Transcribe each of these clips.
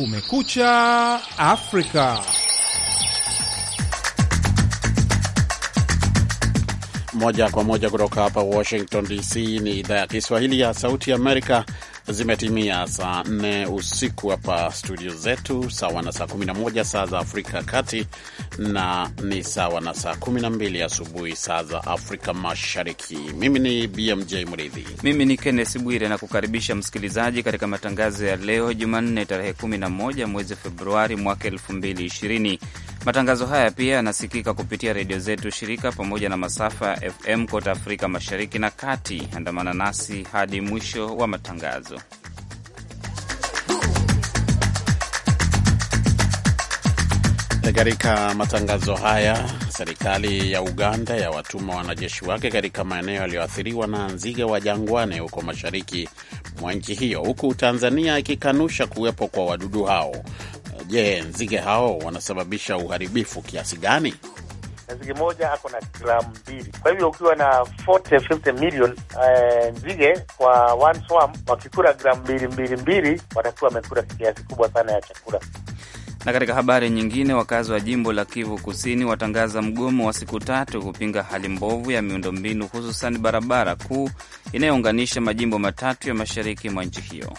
Kumekucha Afrika. Moja kwa moja kutoka hapa Washington DC, ni idhaa ya Kiswahili ya Sauti ya Amerika Zimetimia saa 4 usiku hapa studio zetu, sawa na saa 11 saa za Afrika ya Kati, na ni sawa na saa 12 asubuhi saa za Afrika Mashariki. Mimi ni BMJ Mridhi, mimi ni Kennes Bwire na kukaribisha msikilizaji katika matangazo ya leo Jumanne tarehe 11 mwezi Februari mwaka 2020 Matangazo haya pia yanasikika kupitia redio zetu shirika pamoja na masafa ya FM kote Afrika Mashariki na Kati. Andamana nasi hadi mwisho wa matangazo. Katika matangazo haya, serikali ya Uganda ya watuma wanajeshi wake katika maeneo yaliyoathiriwa na nzige wa jangwani huko mashariki mwa nchi hiyo, huku Tanzania ikikanusha kuwepo kwa wadudu hao. Je, nzige hao wanasababisha uharibifu kiasi gani? Nzige moja ako na gramu mbili. Kwa hivyo ukiwa na 40 50 million eh, nzige kwa one swarm wakikula gramu mbili mbili mbili, watakuwa wamekula kiasi kubwa sana ya chakula. Na katika habari nyingine, wakazi wa jimbo la Kivu Kusini watangaza mgomo wa siku tatu kupinga hali mbovu ya miundombinu hususan barabara kuu inayounganisha majimbo matatu ya mashariki mwa nchi hiyo.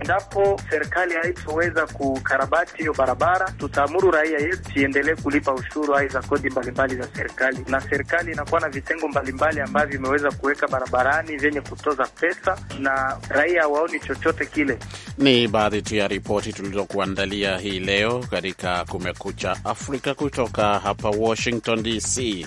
Endapo serikali haitoweza kukarabati hiyo barabara, tutaamuru raia yetu iendelee kulipa ushuru, za kodi mbalimbali za serikali. Na serikali inakuwa na vitengo mbalimbali ambavyo imeweza kuweka barabarani vyenye kutoza pesa, na raia hawaoni chochote kile. Ni baadhi tu ya ripoti tulizokuandalia hii leo katika Kumekucha Afrika kutoka hapa Washington DC.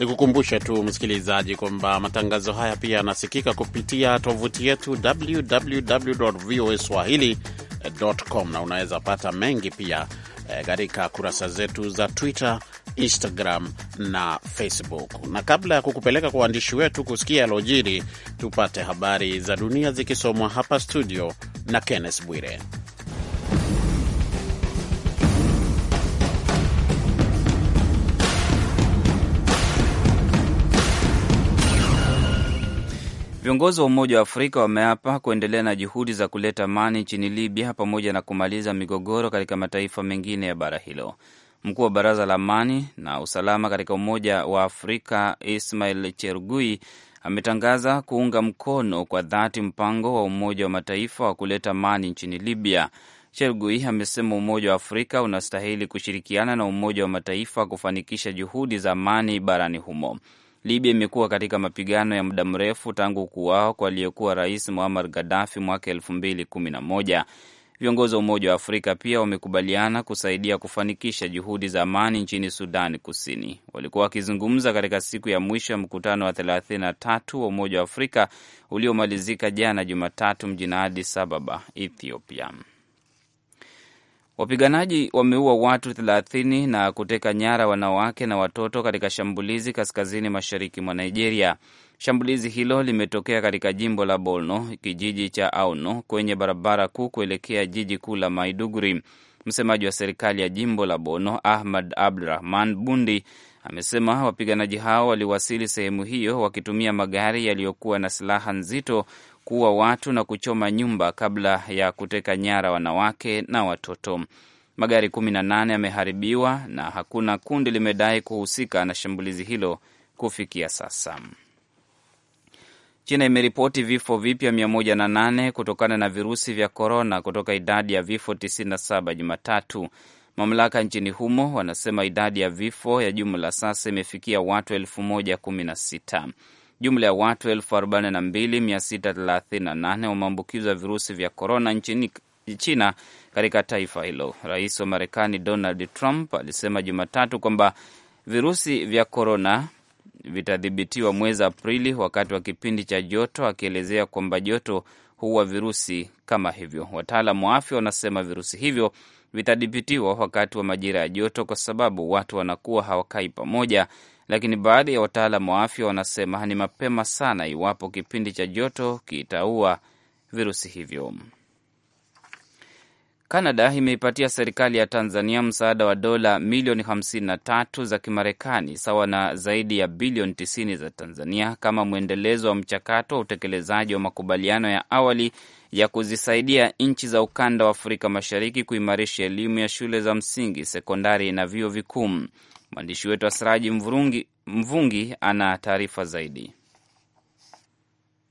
Nikukumbushe tu msikilizaji kwamba matangazo haya pia yanasikika kupitia tovuti yetu www voa swahili.com, na unaweza pata mengi pia eh, katika kurasa zetu za Twitter, Instagram na Facebook. Na kabla ya kukupeleka kwa waandishi wetu kusikia alojiri, tupate habari za dunia zikisomwa hapa studio na Kenneth Bwire. Viongozi wa Umoja wa Afrika wameapa kuendelea na juhudi za kuleta amani nchini Libya pamoja na kumaliza migogoro katika mataifa mengine ya bara hilo. Mkuu wa Baraza la Amani na Usalama katika Umoja wa Afrika Ismail chergui ametangaza kuunga mkono kwa dhati mpango wa Umoja wa Mataifa wa kuleta amani nchini Libya. Chergui amesema Umoja wa Afrika unastahili kushirikiana na Umoja wa Mataifa kufanikisha juhudi za amani barani humo. Libya imekuwa katika mapigano ya muda mrefu tangu kuwao kwa aliyekuwa rais Muammar Gaddafi mwaka elfu mbili kumi na moja. Viongozi wa Umoja wa Afrika pia wamekubaliana kusaidia kufanikisha juhudi za amani nchini Sudani Kusini. Walikuwa wakizungumza katika siku ya mwisho ya mkutano wa 33 wa Umoja wa Afrika uliomalizika jana Jumatatu mjini Addis Ababa, Ethiopia. Wapiganaji wameua watu 30 na kuteka nyara wanawake na watoto katika shambulizi kaskazini mashariki mwa Nigeria. Shambulizi hilo limetokea katika jimbo la Borno, kijiji cha Auno, kwenye barabara kuu kuelekea jiji kuu la Maiduguri. Msemaji wa serikali ya jimbo la Borno, Ahmad Abdurahman Bundi, amesema wapiganaji hao waliwasili sehemu hiyo wakitumia magari yaliyokuwa na silaha nzito kuua watu na kuchoma nyumba kabla ya kuteka nyara wanawake na watoto. Magari 18 yameharibiwa na hakuna kundi limedai kuhusika na shambulizi hilo kufikia sasa. China imeripoti vifo vipya 108 kutokana na virusi vya korona kutoka idadi ya vifo 97 Jumatatu. Mamlaka nchini humo wanasema idadi ya vifo ya jumla sasa imefikia watu 1016. Jumla ya watu 42638 wameambukizwa virusi vya korona nchini China katika taifa hilo. Rais wa Marekani Donald Trump alisema Jumatatu kwamba virusi vya korona vitadhibitiwa mwezi Aprili wakati wa kipindi cha joto, akielezea kwamba joto huwa virusi kama hivyo. Wataalamu wa afya wanasema virusi hivyo vitadhibitiwa wakati wa majira ya joto, kwa sababu watu wanakuwa hawakai pamoja lakini baadhi ya wataalam wa afya wanasema ni mapema sana iwapo kipindi cha joto kitaua virusi hivyo. Kanada imeipatia serikali ya Tanzania msaada wa dola milioni 53 za Kimarekani, sawa na zaidi ya bilioni 90 za Tanzania, kama mwendelezo wa mchakato wa utekelezaji wa makubaliano ya awali ya kuzisaidia nchi za ukanda wa Afrika Mashariki kuimarisha elimu ya shule za msingi, sekondari na vyuo vikuu. Mwandishi wetu Asiraji Mvungi ana taarifa zaidi.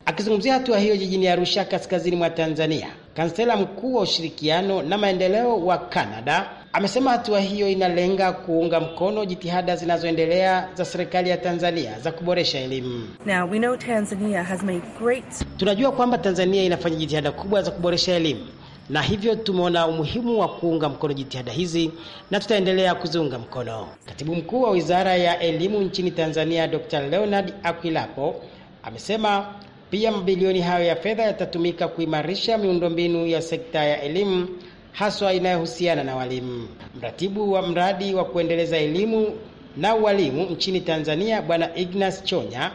Akizungumzia hatua hiyo jijini Arusha, kaskazini mwa Tanzania, kansela mkuu wa ushirikiano na maendeleo wa canada amesema hatua hiyo inalenga kuunga mkono jitihada zinazoendelea za serikali ya Tanzania za kuboresha elimu. Now we know Tanzania has made great... tunajua kwamba Tanzania inafanya jitihada kubwa za kuboresha elimu na hivyo tumeona umuhimu wa kuunga mkono jitihada hizi na tutaendelea kuziunga mkono. Katibu mkuu wa wizara ya elimu nchini Tanzania Dr. Leonard Akwilapo amesema pia mabilioni hayo ya fedha yatatumika kuimarisha miundombinu ya sekta ya elimu haswa inayohusiana na walimu. Mratibu wa mradi wa kuendeleza elimu na walimu nchini Tanzania Bwana Ignas Chonya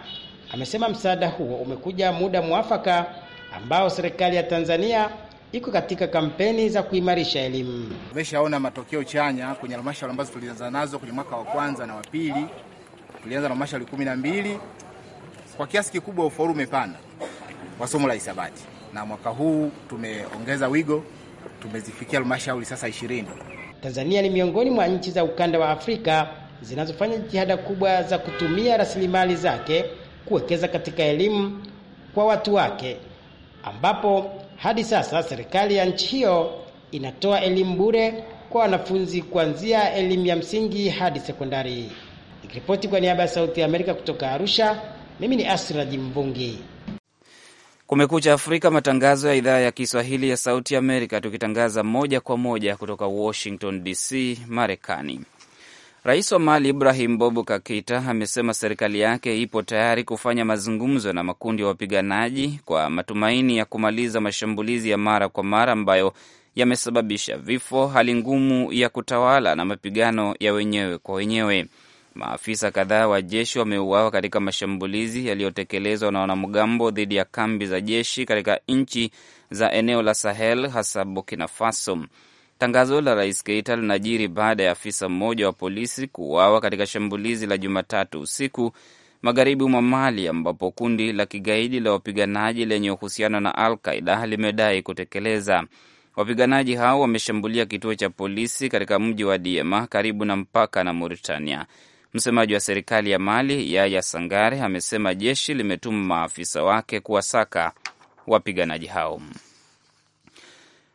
amesema msaada huo umekuja muda mwafaka ambao serikali ya Tanzania iko katika kampeni za kuimarisha elimu. Tumeshaona matokeo chanya kwenye halmashauri ambazo tulianza nazo kwenye mwaka wa kwanza na wa pili. Tulianza na halmashauri kumi na mbili, kwa kiasi kikubwa ufaulu umepanda kwa somo la hisabati, na mwaka huu tumeongeza wigo, tumezifikia halmashauri sasa ishirini. Tanzania ni miongoni mwa nchi za ukanda wa Afrika zinazofanya jitihada kubwa za kutumia rasilimali zake kuwekeza katika elimu kwa watu wake ambapo hadi sasa serikali ya nchi hiyo inatoa elimu bure kwa wanafunzi kuanzia elimu ya msingi hadi sekondari. Nikiripoti kwa niaba ya Sauti ya Amerika kutoka Arusha, mimi ni Asraji Mvungi. Kumekucha Afrika, matangazo ya idhaa ya Kiswahili ya Sauti ya Amerika, tukitangaza moja kwa moja kutoka Washington DC, Marekani. Rais wa Mali Ibrahim Bobu Kakita amesema serikali yake ipo tayari kufanya mazungumzo na makundi ya wapiganaji kwa matumaini ya kumaliza mashambulizi ya mara kwa mara ambayo yamesababisha vifo, hali ngumu ya kutawala na mapigano ya wenyewe kwa wenyewe. Maafisa kadhaa wa jeshi wameuawa katika mashambulizi yaliyotekelezwa na wanamgambo dhidi ya kambi za jeshi katika nchi za eneo la Sahel, hasa Burkina Faso. Tangazo la rais Keita linajiri baada ya afisa mmoja wa polisi kuuawa katika shambulizi la Jumatatu usiku magharibi mwa Mali, ambapo kundi la kigaidi la wapiganaji lenye uhusiano na Al Qaida limedai kutekeleza. Wapiganaji hao wameshambulia kituo cha polisi katika mji wa Diema karibu na mpaka na Mauritania. Msemaji wa serikali ya Mali Yaya Sangare amesema jeshi limetuma maafisa wake kuwasaka wapiganaji hao.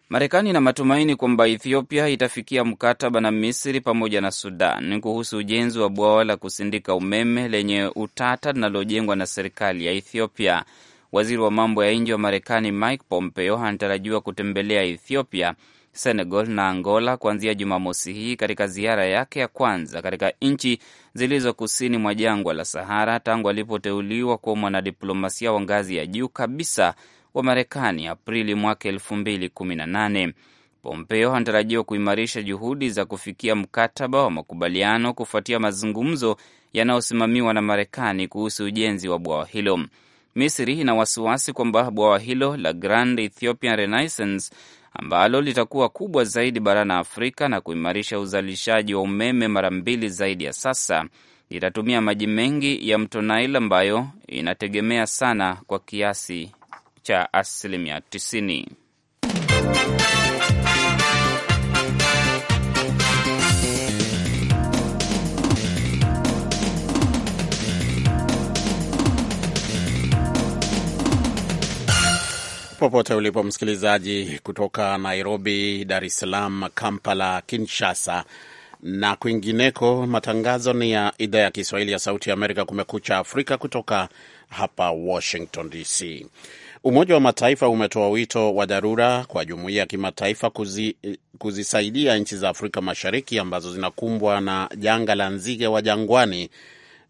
Marekani ina matumaini kwamba Ethiopia itafikia mkataba na Misri pamoja na Sudan kuhusu ujenzi wa bwawa la kusindika umeme lenye utata linalojengwa na serikali ya Ethiopia. Waziri wa mambo ya nje wa Marekani Mike Pompeo anatarajiwa kutembelea Ethiopia, Senegal na Angola kuanzia Jumamosi hii katika ziara yake ya kwanza katika nchi zilizo kusini mwa jangwa la Sahara tangu alipoteuliwa kuwa mwanadiplomasia wa ngazi ya juu kabisa wa Marekani Aprili mwaka 2018. Pompeo anatarajiwa kuimarisha juhudi za kufikia mkataba wa makubaliano kufuatia mazungumzo yanayosimamiwa na Marekani kuhusu ujenzi wa bwawa hilo. Misri ina wasiwasi kwamba bwawa hilo la Grand Ethiopian Renaissance ambalo litakuwa kubwa zaidi barani Afrika na kuimarisha uzalishaji wa umeme mara mbili zaidi ya sasa litatumia maji mengi ya mto Nile ambayo inategemea sana kwa kiasi cha asilimia 90. Popote ulipo msikilizaji, kutoka Nairobi, Dar es Salaam, Kampala, Kinshasa na kwingineko. Matangazo ni ya idhaa ya Kiswahili ya Sauti ya Amerika, Kumekucha Afrika, kutoka hapa Washington DC. Umoja wa Mataifa umetoa wito wa dharura kwa jumuiya ya kimataifa kuzi, kuzisaidia nchi za Afrika Mashariki ambazo zinakumbwa na janga la nzige wa jangwani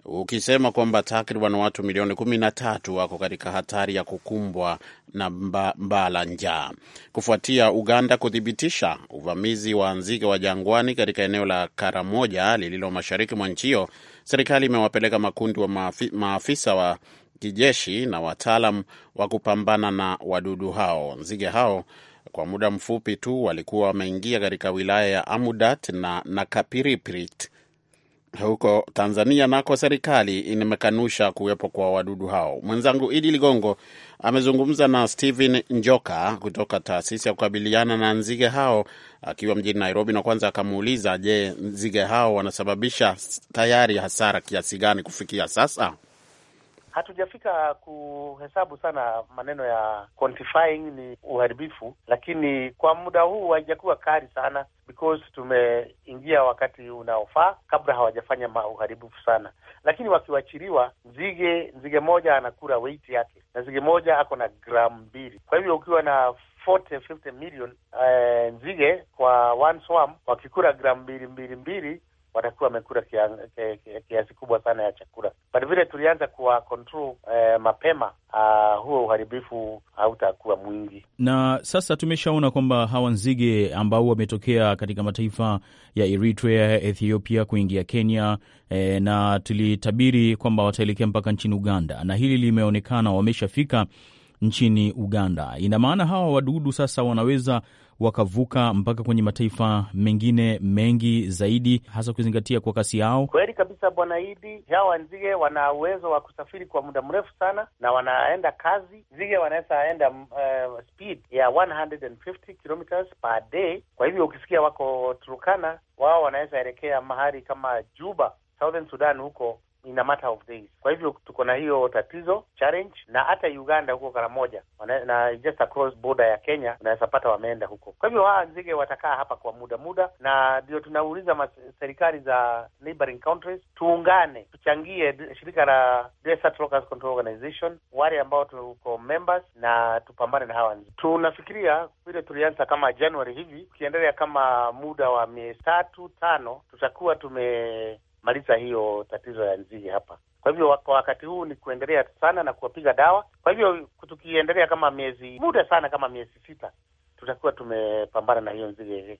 ukisema kwamba takriban watu milioni kumi na tatu wako katika hatari ya kukumbwa na mba, mbaa la njaa kufuatia Uganda kuthibitisha uvamizi wa nzige wa jangwani katika eneo la Karamoja lililo mashariki mwa nchi hiyo. Serikali imewapeleka makundi wa maafi, maafisa wa kijeshi na wataalam wa kupambana na wadudu hao. Nzige hao kwa muda mfupi tu walikuwa wameingia katika wilaya ya Amudat na Nakapiripirit huko Tanzania, nako serikali imekanusha kuwepo kwa wadudu hao. Mwenzangu Idi Ligongo amezungumza na Stephen Njoka kutoka taasisi ya kukabiliana na nzige hao akiwa mjini Nairobi, na kwanza akamuuliza, je, nzige hao wanasababisha tayari hasara kiasi gani kufikia sasa? Hatujafika kuhesabu sana maneno ya quantifying ni uharibifu, lakini kwa muda huu haijakuwa kali sana because tumeingia wakati unaofaa kabla hawajafanya uharibifu sana. Lakini wakiwachiriwa nzige nzige moja anakula weight yake, na nzige moja ako na gramu mbili. Kwa hivyo ukiwa na 40, 50 million uh, nzige kwa one swarm wakikula gramu mbili mbili mbili watakuwa wamekula kiasi kubwa sana ya chakula, but vile tulianza kuwa control eh, mapema Uh, huo uharibifu hautakuwa mwingi. Na sasa tumeshaona kwamba hawa nzige ambao wametokea katika mataifa ya Eritrea, Ethiopia, kuingia Kenya eh, na tulitabiri kwamba wataelekea mpaka nchini Uganda, na hili limeonekana, wameshafika nchini Uganda. Ina maana hawa wadudu sasa wanaweza wakavuka mpaka kwenye mataifa mengine mengi zaidi, hasa ukizingatia kwa kasi yao. Kweli kabisa, Bwana Idi, hawa nzige wana uwezo wa kusafiri kwa muda mrefu sana na wanaenda kazi. Nzige wanaweza enda uh, speed ya 150 kilometers per day. Kwa hivyo ukisikia wako Turukana, wao wanaweza elekea mahali kama Juba, Southern Sudan huko in a matter of days. Kwa hivyo tuko na hiyo tatizo challenge, na hata Uganda huko Karamoja na, na just across border ya Kenya unaweza pata wameenda huko. Kwa hivyo hawa nzige watakaa hapa kwa muda muda, na ndio tunauliza serikali za neighboring countries, tuungane, tuchangie shirika la Desert Locust Control Organization, wale ambao tuko members, na tupambane na hawa nzige. Tunafikiria vile tulianza kama January hivi, tukiendelea kama muda wa miezi tatu tano, tutakuwa tume kumaliza hiyo tatizo ya nzige hapa. Kwa hivyo kwa wakati huu ni kuendelea sana na kuwapiga dawa. Kwa hivyo tukiendelea kama miezi muda sana kama miezi sita, tutakuwa tumepambana na hiyo nzige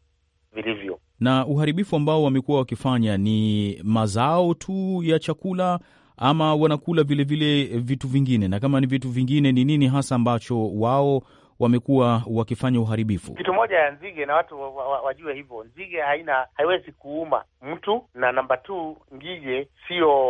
vilivyo. Na uharibifu ambao wamekuwa wakifanya ni mazao tu ya chakula ama wanakula vilevile vile vitu vingine, na kama ni vitu vingine, ni nini hasa ambacho wao wamekuwa wakifanya uharibifu. Kitu moja ya nzige, na watu wajue wa, wa, hivyo, nzige haina haiwezi kuuma mtu, na namba tu, ngige siyo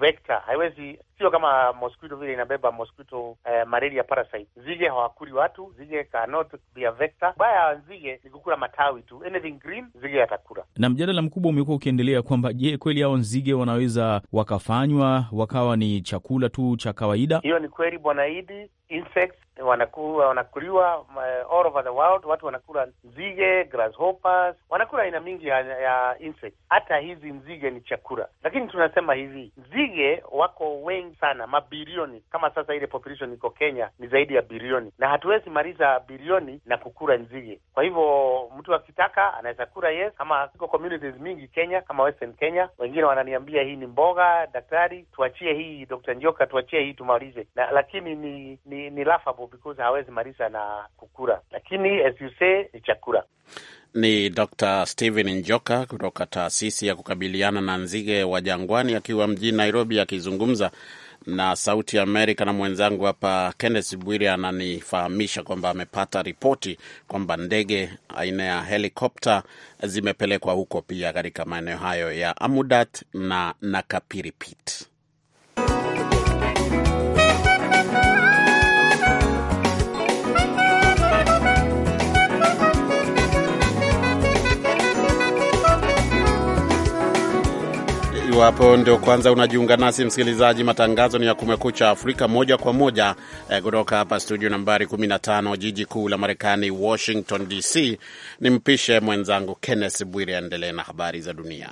vekta, haiwezi sio kama mosquito vile inabeba mosquito eh, malaria parasite. Nzige hawakuli watu, nzige cannot be a vector. Baya wa nzige ni kukula matawi tu, anything green nzige atakula. Na mjadala mkubwa umekuwa ukiendelea kwamba je, kweli hao nzige wanaweza wakafanywa wakawa ni chakula tu cha kawaida? Hiyo ni kweli bwana Idi, insects wanakuwa wanakuliwa uh, all over the world. Watu wanakula nzige, grasshoppers, wanakula aina mingi ya, ya insects. Hata hizi nzige ni chakula, lakini tunasema hivi, nzige wako wengi mengi sana, mabilioni. Kama sasa ile population iko Kenya ni zaidi ya bilioni, na hatuwezi maliza bilioni na kukura nzige. Kwa hivyo mtu akitaka anaweza kura yes, kama iko communities mingi Kenya kama Western Kenya, wengine wananiambia hii ni mboga, daktari tuachie hii, Dr. Njoka tuachie hii tumalize na, lakini ni ni, ni laughable because hawezi maliza na kukura, lakini as you say ni chakula ni Dr Stephen Njoka kutoka taasisi ya kukabiliana na nzige wa jangwani akiwa mjini Nairobi akizungumza na Sauti Amerika na mwenzangu hapa Kenneth bwiri ananifahamisha kwamba amepata ripoti kwamba ndege aina ya helikopta zimepelekwa huko pia katika maeneo hayo ya Amudat na Nakapiripit. Ukiwa hapo ndio kwanza unajiunga nasi msikilizaji, matangazo ni ya Kumekucha Afrika moja kwa moja eh, kutoka hapa studio nambari 15 jiji kuu la Marekani, Washington DC. Nimpishe mwenzangu Kenneth Bwire aendelee na habari za dunia.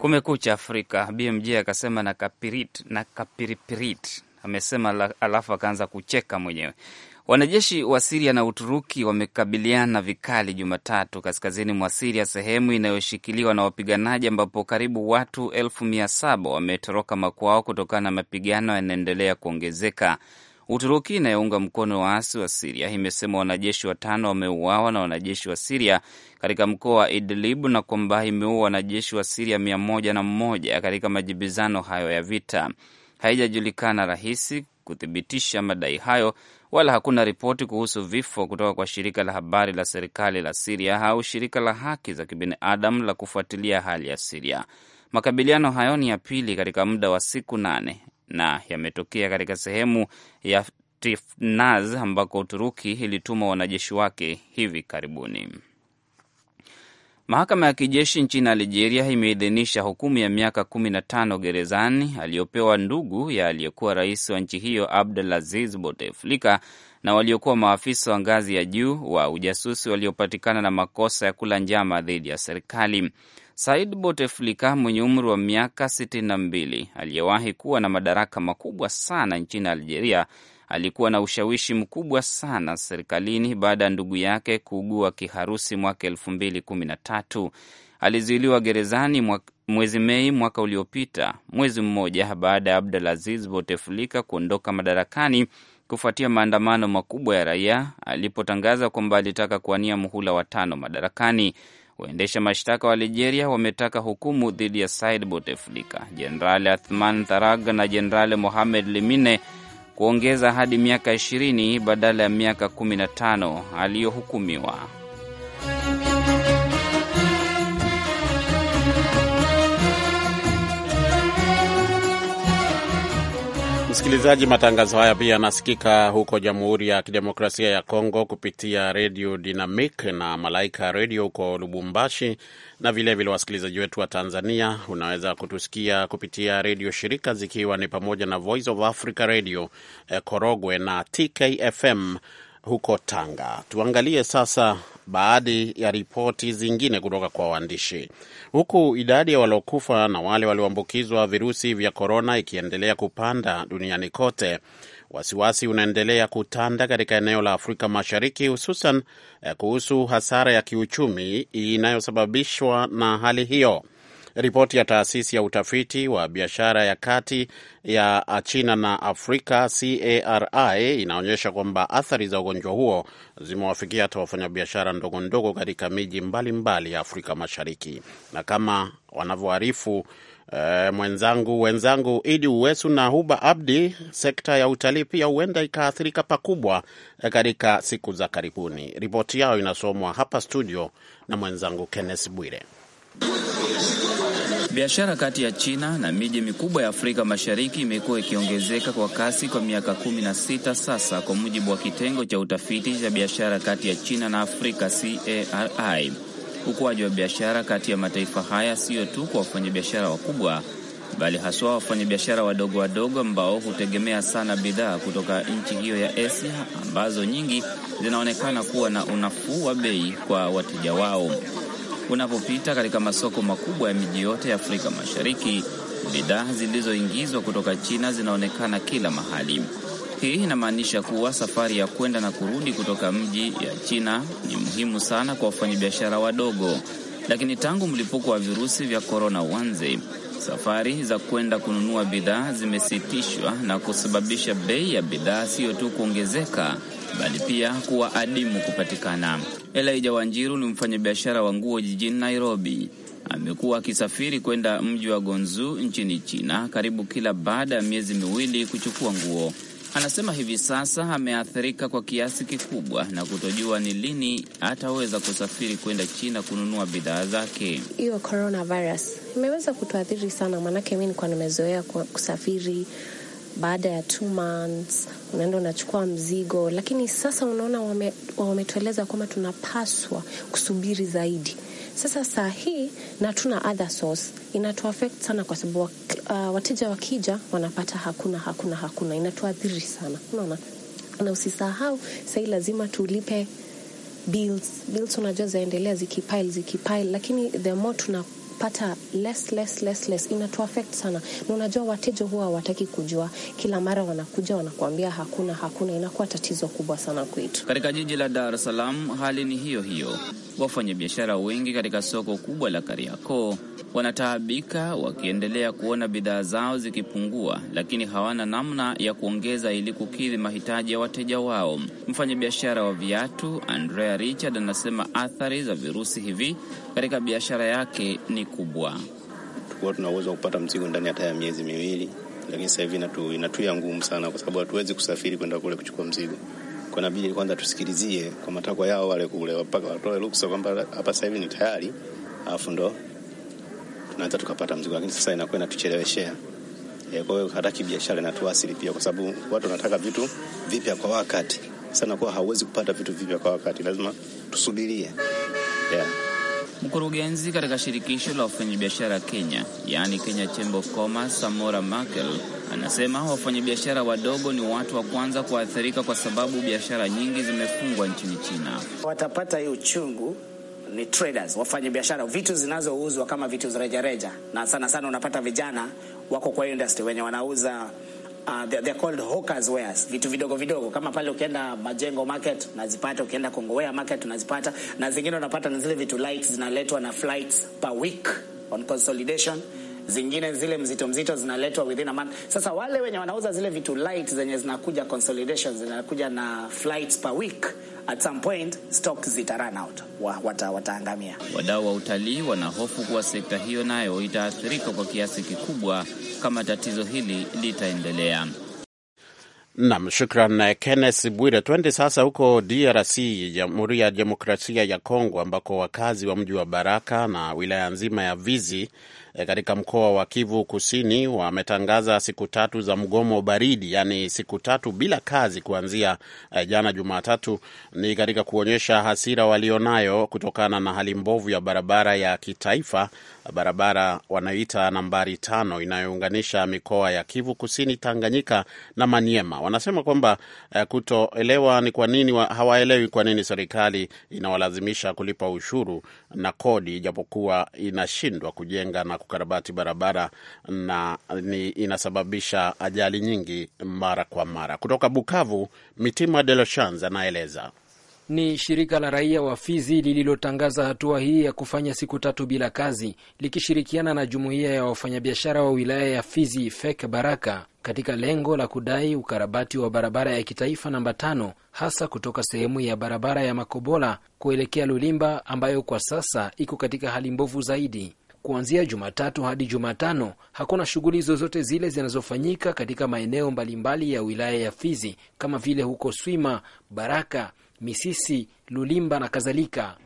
Kumekucha Afrika. BMJ akasema na kapirit na kapiripirit amesema, alafu akaanza kucheka mwenyewe. Wanajeshi wa Siria na Uturuki wamekabiliana vikali Jumatatu kaskazini mwa Siria, sehemu inayoshikiliwa na wapiganaji, ambapo karibu watu elfu mia saba wametoroka makwao kutokana na mapigano yanaendelea kuongezeka. Uturuki inayounga mkono waasi wa Siria imesema wanajeshi watano wameuawa na wanajeshi wa Siria katika mkoa wa Idlib na kwamba imeua wanajeshi wa Siria mia moja na mmoja katika majibizano hayo ya vita. Haijajulikana rahisi kuthibitisha madai hayo wala hakuna ripoti kuhusu vifo kutoka kwa shirika la habari la serikali la Siria au shirika la haki za kibinadamu la kufuatilia hali ya Siria. Makabiliano hayo ni ya pili katika muda wa siku nane na yametokea katika sehemu ya Tifnaz ambako Uturuki ilituma wanajeshi wake hivi karibuni. Mahakama ya kijeshi nchini Algeria imeidhinisha hukumu ya miaka kumi na tano gerezani aliyopewa ndugu ya aliyekuwa rais wa nchi hiyo Abdelaziz Bouteflika na waliokuwa maafisa wa ngazi ya juu wa ujasusi waliopatikana na makosa ya kula njama dhidi ya serikali. Said Bouteflika mwenye umri wa miaka 62 na mbili aliyewahi kuwa na madaraka makubwa sana nchini Algeria alikuwa na ushawishi mkubwa sana serikalini baada ya ndugu yake kuugua kiharusi mwaka elfu mbili kumi na tatu. Alizuiliwa gerezani mwezi Mei mwaka uliopita, mwezi mmoja baada ya abdul Aziz Bouteflika kuondoka madarakani kufuatia maandamano makubwa ya raia alipotangaza kwamba alitaka kuwania muhula wa tano madarakani. Waendesha mashtaka wa Algeria wametaka hukumu dhidi ya Said Bouteflika. Jenerali Athman Tharag na Jenerali Mohamed limine kuongeza hadi miaka 20 badala ya miaka 15 aliyohukumiwa. Msikilizaji, matangazo haya pia yanasikika huko Jamhuri ya Kidemokrasia ya Kongo kupitia Redio Dynamic na Malaika Redio huko Lubumbashi, na vilevile wasikilizaji wetu wa Tanzania, unaweza kutusikia kupitia redio shirika zikiwa ni pamoja na Voice of Africa Radio eh, Korogwe na TKFM huko Tanga. Tuangalie sasa baadhi ya ripoti zingine kutoka kwa waandishi huku idadi ya waliokufa na wale walioambukizwa virusi vya korona ikiendelea kupanda duniani kote. Wasiwasi unaendelea kutanda katika eneo la Afrika Mashariki, hususan eh, kuhusu hasara ya kiuchumi inayosababishwa na hali hiyo. Ripoti ya taasisi ya utafiti wa biashara ya kati ya China na Afrika CARI inaonyesha kwamba athari za ugonjwa huo zimewafikia hata wafanyabiashara ndogo ndogo katika miji mbalimbali ya Afrika Mashariki, na kama wanavyoarifu Uh, mwenzangu wenzangu Idi Uwesu na Huba Abdi, sekta ya utalii pia huenda ikaathirika pakubwa eh, katika siku za karibuni. Ripoti yao inasomwa hapa studio na mwenzangu Kenneth Bwire. Biashara kati ya China na miji mikubwa ya Afrika Mashariki imekuwa ikiongezeka kwa kasi kwa miaka kumi na sita sasa, kwa mujibu wa kitengo cha utafiti cha biashara kati ya China na Afrika CARI. Ukuaji wa biashara kati ya mataifa haya siyo tu kwa wafanyabiashara wakubwa, bali haswa wafanyabiashara wadogo wadogo ambao hutegemea sana bidhaa kutoka nchi hiyo ya Asia ambazo nyingi zinaonekana kuwa na unafuu wa bei kwa wateja wao unapopita katika masoko makubwa ya miji yote ya Afrika Mashariki, bidhaa zilizoingizwa kutoka China zinaonekana kila mahali. Hii inamaanisha kuwa safari ya kwenda na kurudi kutoka mji ya China ni muhimu sana kwa wafanyabiashara wadogo. Lakini tangu mlipuko wa virusi vya korona uanze, safari za kwenda kununua bidhaa zimesitishwa na kusababisha bei ya bidhaa siyo tu kuongezeka bali pia kuwa adimu kupatikana. Elijah Wanjiru ni mfanyabiashara wa nguo jijini Nairobi. Amekuwa akisafiri kwenda mji wa Gonzu nchini China karibu kila baada ya miezi miwili kuchukua nguo. Anasema hivi sasa ameathirika kwa kiasi kikubwa na kutojua ni lini ataweza kusafiri kwenda China kununua bidhaa zake. Hiyo coronavirus imeweza kutuathiri sana, maanake mi nikuwa nimezoea kusafiri baada ya two months unaenda unachukua mzigo, lakini sasa unaona wame, wametueleza kwamba tunapaswa kusubiri zaidi. Sasa saa hii na tuna other source inatuaffect sana kwa sababu uh, wateja wakija wanapata hakuna hakuna hakuna, inatuathiri sana, unaona. Na usisahau sahi lazima tulipe bills bills, unajua zaendelea zikipile zikipile, lakini the more tuna unapata less, less, less, less. Inatu affect sana, na unajua wateja huwa hawataki kujua, kila mara wanakuja wanakuambia hakuna, hakuna. Inakuwa tatizo kubwa sana kwetu. Katika jiji la Dar es Salaam hali ni hiyo hiyo. Wafanyabiashara wengi katika soko kubwa la Kariakoo wanataabika wakiendelea kuona bidhaa zao zikipungua, lakini hawana namna ya kuongeza ili kukidhi mahitaji ya wateja wao. Mfanyabiashara wa viatu Andrea Richard anasema athari za virusi hivi katika biashara yake ni kubwa. tukuwa tunaweza kupata mzigo ndani hata ya miezi miwili, lakini sasa hivi inatuya ngumu sana, kwa sababu hatuwezi kusafiri kwenda kule kuchukua mzigo kwa nabidi kwanza tusikilizie kwa matakwa yao wale kule mpaka watoe ruksa kwamba hapa sasa hivi ni tayari, alafu ndo tunaanza tukapata mzigo, lakini sasa inakuwa inatucheleweshea. E, kwa hiyo hata kibiashara inatuasili pia, kwa sababu watu wanataka vitu vipya kwa wakati. Sasa nakuwa hauwezi kupata vitu vipya kwa wakati, lazima tusubirie, yeah. Mkurugenzi katika shirikisho la wafanyabiashara Kenya, yaani Kenya Chamber of Commerce, Samora Makel Anasema wafanyabiashara wadogo ni watu wa kwanza kuathirika kwa sababu biashara nyingi zimefungwa nchini China. Watapata hii uchungu ni traders, wafanyabiashara, vitu zinazouzwa kama vitu za rejareja, na sana sana unapata vijana wako kwa industry wenye wanauza Uh, they're, they're called hawkers wares, vitu vidogo vidogo kama pale ukienda Majengo market unazipata, ukienda Kongowea market unazipata, na zingine unapata na zile vitu light zinaletwa na flights per week on consolidation zingine zile mzito mzito zinaletwa within a month. Sasa wale wenye wanauza zile vitu light zenye zinakuja consolidation, zinakuja na flights per week, at some point stock zita run out, wata, wataangamia. Wadau wa utalii wanahofu kuwa sekta hiyo nayo itaathirika kwa kiasi kikubwa kama tatizo hili litaendelea. Nam, shukran eh, Kenneth Bwire. Twende sasa huko DRC, Jamhuri ya Demokrasia ya Kongo, ambako wakazi wa mji wa Baraka na wilaya nzima ya Vizi Eh, katika mkoa wa Kivu Kusini wametangaza siku tatu za mgomo baridi, yaani siku tatu bila kazi kuanzia eh, jana Jumatatu. Ni katika kuonyesha hasira walionayo kutokana na hali mbovu ya barabara ya kitaifa, barabara wanaita nambari tano inayounganisha mikoa ya Kivu Kusini, Tanganyika na Maniema. Wanasema kwamba eh, kutoelewa ni kwa nini, hawaelewi kwa nini serikali inawalazimisha kulipa ushuru na kodi, ijapokuwa inashindwa kujenga na kukarabati barabara na ni inasababisha ajali nyingi mara kwa mara. Kutoka Bukavu, Mitima De La anaeleza. Ni shirika la raia wa Fizi lililotangaza hatua hii ya kufanya siku tatu bila kazi likishirikiana na jumuiya ya wafanyabiashara wa wilaya ya Fizi FEK Baraka katika lengo la kudai ukarabati wa barabara ya kitaifa namba tano hasa kutoka sehemu ya barabara ya Makobola kuelekea Lulimba ambayo kwa sasa iko katika hali mbovu zaidi kuanzia Jumatatu hadi Jumatano hakuna shughuli zozote zile zinazofanyika katika maeneo mbalimbali ya wilaya ya Fizi kama vile huko Swima, Baraka, Misisi, Lulimba na kadhalika.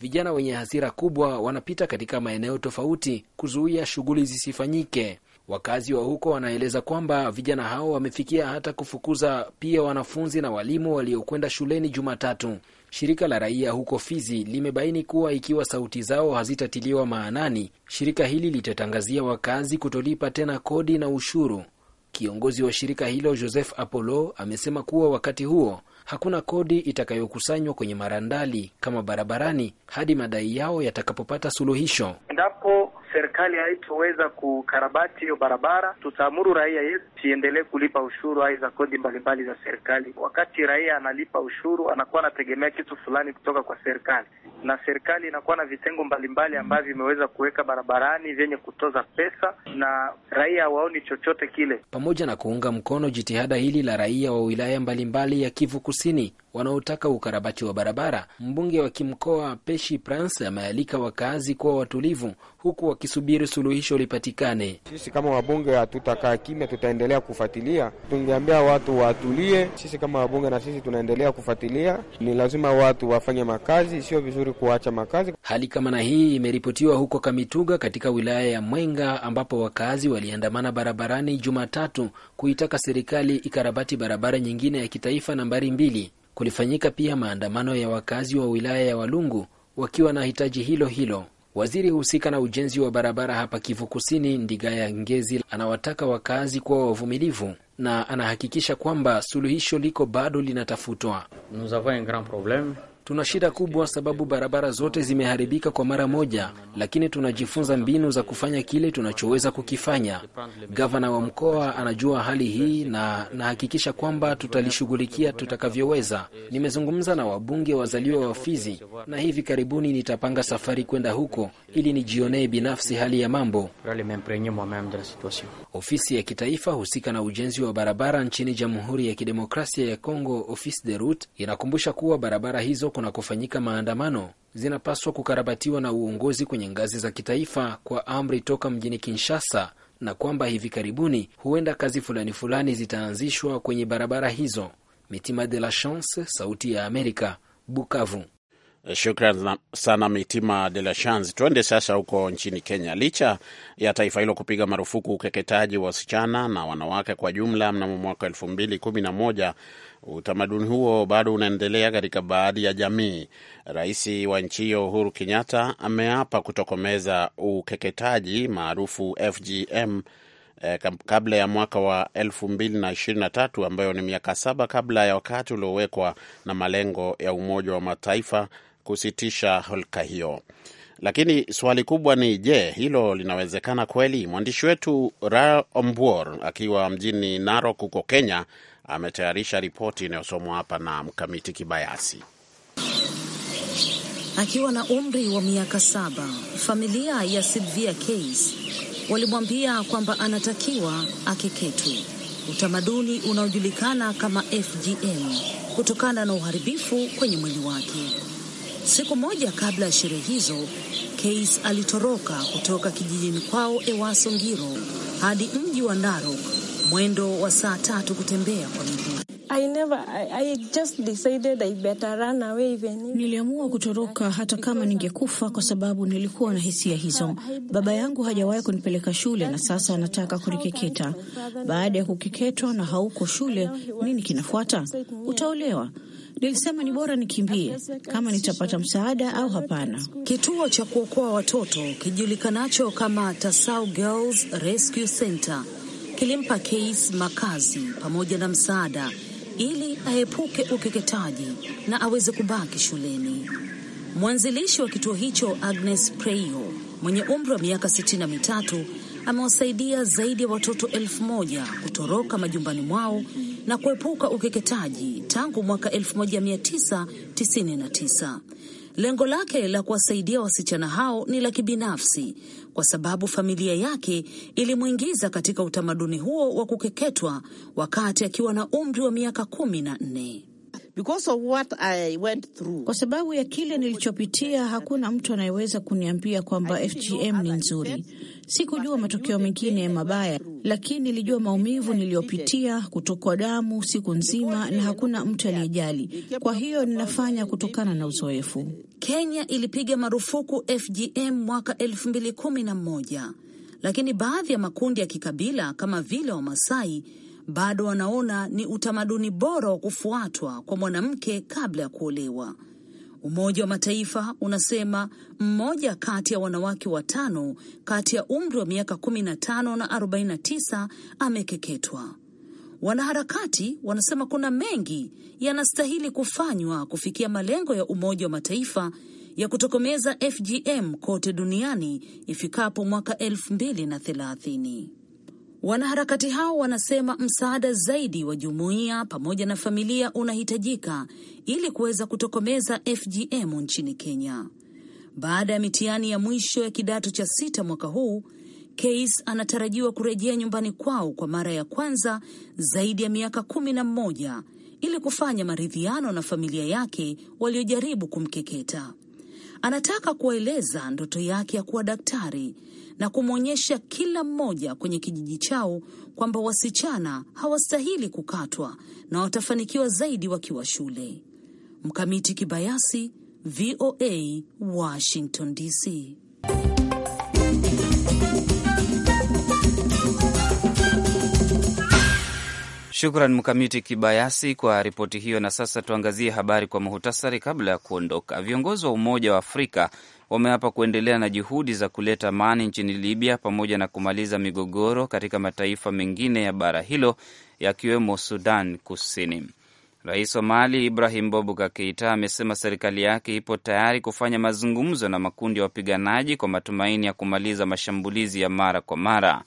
Vijana wenye hasira kubwa wanapita katika maeneo tofauti kuzuia shughuli zisifanyike. Wakazi wa huko wanaeleza kwamba vijana hao wamefikia hata kufukuza pia wanafunzi na walimu waliokwenda shuleni Jumatatu. Shirika la raia huko Fizi limebaini kuwa ikiwa sauti zao hazitatiliwa maanani, shirika hili litatangazia wakazi kutolipa tena kodi na ushuru. Kiongozi wa shirika hilo Joseph Apollo amesema kuwa wakati huo hakuna kodi itakayokusanywa kwenye marandali kama barabarani hadi madai yao yatakapopata suluhisho. Endapo serikali haitoweza kukarabati hiyo barabara, tutaamuru raia yetu siendelee kulipa ushuru ai za kodi mbalimbali za serikali. Wakati raia analipa ushuru, anakuwa anategemea kitu fulani kutoka kwa serikali, na serikali inakuwa na vitengo mbalimbali ambavyo vimeweza kuweka barabarani vyenye kutoza pesa, na raia hawaoni chochote kile. Pamoja na kuunga mkono jitihada hili la raia wa wilaya mbalimbali ya Kivu Kusini wanaotaka ukarabati wa barabara. Mbunge wa kimkoa Peshi Prince amealika wakaazi kuwa watulivu, huku wakisubiri suluhisho lipatikane. Sisi kama wabunge hatutakaa kimya, tutaendelea kufuatilia. Tungeambia watu watulie. Sisi kama wabunge na sisi tunaendelea kufuatilia. Ni lazima watu wafanye makazi, sio vizuri kuacha makazi. Hali kama na hii imeripotiwa huko Kamituga katika wilaya ya Mwenga, ambapo wakaazi waliandamana barabarani Jumatatu kuitaka serikali ikarabati barabara nyingine ya kitaifa nambari mbili. Kulifanyika pia maandamano ya wakazi wa wilaya ya Walungu wakiwa na hitaji hilo hilo. Waziri husika na ujenzi wa barabara hapa Kivu Kusini, ndiga ya Ngezi, anawataka wakazi kuwa wavumilivu na anahakikisha kwamba suluhisho liko bado linatafutwa. Nous avons un grand Tuna shida kubwa sababu barabara zote zimeharibika kwa mara moja, lakini tunajifunza mbinu za kufanya kile tunachoweza kukifanya. Gavana wa mkoa anajua hali hii na nahakikisha kwamba tutalishughulikia tutakavyoweza. Nimezungumza na wabunge wazaliwa wa Fizi na hivi karibuni nitapanga safari kwenda huko ili nijionee binafsi hali ya mambo. Ofisi ya kitaifa husika na ujenzi wa barabara nchini Jamhuri ya Kidemokrasia ya Kongo, Office de Route, inakumbusha kuwa barabara hizo kuna kufanyika maandamano zinapaswa kukarabatiwa na uongozi kwenye ngazi za kitaifa kwa amri toka mjini Kinshasa na kwamba hivi karibuni huenda kazi fulani fulani zitaanzishwa kwenye barabara hizo. Mitima de la Chance, Sauti ya Amerika, Bukavu. Shukran sana Mitima de la Chance. Tuende sasa huko nchini Kenya. Licha ya taifa hilo kupiga marufuku ukeketaji wa wasichana na wanawake kwa jumla mnamo mwaka elfu mbili kumi na moja, utamaduni huo bado unaendelea katika baadhi ya jamii. Rais wa nchi hiyo Uhuru Kenyatta ameapa kutokomeza ukeketaji maarufu FGM eh, kabla ya mwaka wa tatu ambayo ni miaka saba kabla ya wakati uliowekwa na malengo ya Umoja wa Mataifa kusitisha holka hiyo. Lakini swali kubwa ni je, hilo linawezekana kweli? Mwandishi wetu Ra Ombor akiwa mjini Narok huko Kenya ametayarisha ripoti inayosomwa hapa na Mkamiti Kibayasi. Akiwa na umri wa miaka saba, familia ya Silvia Keys walimwambia kwamba anatakiwa akeketwe, utamaduni unaojulikana kama FGM kutokana na uharibifu kwenye mwili wake. Siku moja kabla ya sherehe hizo, Case alitoroka kutoka kijijini kwao Ewaso Ngiro hadi mji wa Ndaro, mwendo wa saa tatu kutembea kwa miguu. I never, I, I just decided I better run away even... Niliamua kutoroka hata kama ningekufa, kwa sababu nilikuwa na hisia hizo. Baba yangu hajawahi kunipeleka shule na sasa anataka kunikeketa. Baada ya kukeketwa na hauko shule, nini kinafuata? Utaolewa. Nilisema ni bora nikimbie kama nitapata msaada au hapana. Kituo cha kuokoa watoto kijulikanacho kama Tasau Girls Rescue Center kilimpa kas makazi pamoja na msaada ili aepuke ukeketaji na aweze kubaki shuleni. Mwanzilishi wa kituo hicho Agnes Preyo mwenye umri wa miaka sitini na mitatu amewasaidia zaidi ya watoto elfu moja kutoroka majumbani mwao na kuepuka ukeketaji tangu mwaka 1999. Lengo lake la kuwasaidia wasichana hao ni la kibinafsi, kwa sababu familia yake ilimwingiza katika utamaduni huo wa kukeketwa wakati akiwa na umri wa miaka kumi na nne. Because of what I went through. Kwa sababu ya kile nilichopitia, hakuna mtu anayeweza kuniambia kwamba FGM ni nzuri. Sikujua matokeo mengine mabaya, lakini nilijua maumivu niliyopitia, kutokwa damu siku nzima, na hakuna mtu aliyejali Kwa hiyo ninafanya kutokana na uzoefu. Kenya ilipiga marufuku FGM mwaka 2011 lakini baadhi ya makundi ya kikabila kama vile Wamasai bado wanaona ni utamaduni bora wa kufuatwa kwa mwanamke kabla ya kuolewa. Umoja wa Mataifa unasema mmoja kati ya wanawake watano kati ya umri wa miaka 15 na 49 amekeketwa. Wanaharakati wanasema kuna mengi yanastahili kufanywa kufikia malengo ya Umoja wa Mataifa ya kutokomeza FGM kote duniani ifikapo mwaka 2030. Wanaharakati hao wanasema msaada zaidi wa jumuiya pamoja na familia unahitajika ili kuweza kutokomeza FGM nchini Kenya. Baada ya mitihani ya mwisho ya kidato cha sita mwaka huu, Case anatarajiwa kurejea nyumbani kwao kwa mara ya kwanza zaidi ya miaka kumi na mmoja ili kufanya maridhiano na familia yake waliojaribu kumkeketa. Anataka kuwaeleza ndoto yake ya kuwa daktari na kumwonyesha kila mmoja kwenye kijiji chao kwamba wasichana hawastahili kukatwa na watafanikiwa zaidi wakiwa shule. Mkamiti Kibayasi, VOA, Washington DC. Shukran Mkamiti Kibayasi kwa ripoti hiyo. Na sasa tuangazie habari kwa muhutasari kabla ya kuondoka. Viongozi wa Umoja wa Afrika wameapa kuendelea na juhudi za kuleta amani nchini Libya pamoja na kumaliza migogoro katika mataifa mengine ya bara hilo yakiwemo Sudan Kusini. Rais wa Mali Ibrahim Bobuka Keita amesema serikali yake ipo tayari kufanya mazungumzo na makundi ya wapiganaji kwa matumaini ya kumaliza mashambulizi ya mara kwa mara.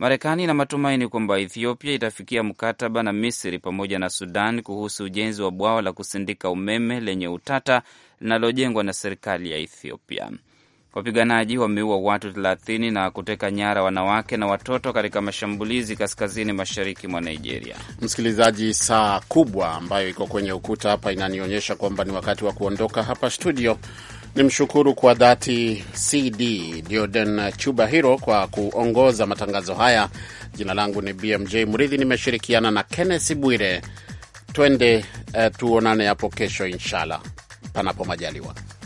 Marekani ina matumaini kwamba Ethiopia itafikia mkataba na Misri pamoja na Sudan kuhusu ujenzi wa bwawa la kusindika umeme lenye utata linalojengwa na serikali ya Ethiopia. Wapiganaji wameua watu 30 na kuteka nyara wanawake na watoto katika mashambulizi kaskazini mashariki mwa Nigeria. Msikilizaji, saa kubwa ambayo iko kwenye ukuta hapa inanionyesha kwamba ni wakati wa kuondoka hapa studio. Ni mshukuru kwa dhati CD Dioden Chuba Hiro kwa kuongoza matangazo haya. Jina langu ni BMJ Mridhi, nimeshirikiana na kennes Bwire. Twende uh, tuonane hapo kesho inshallah, panapo majaliwa.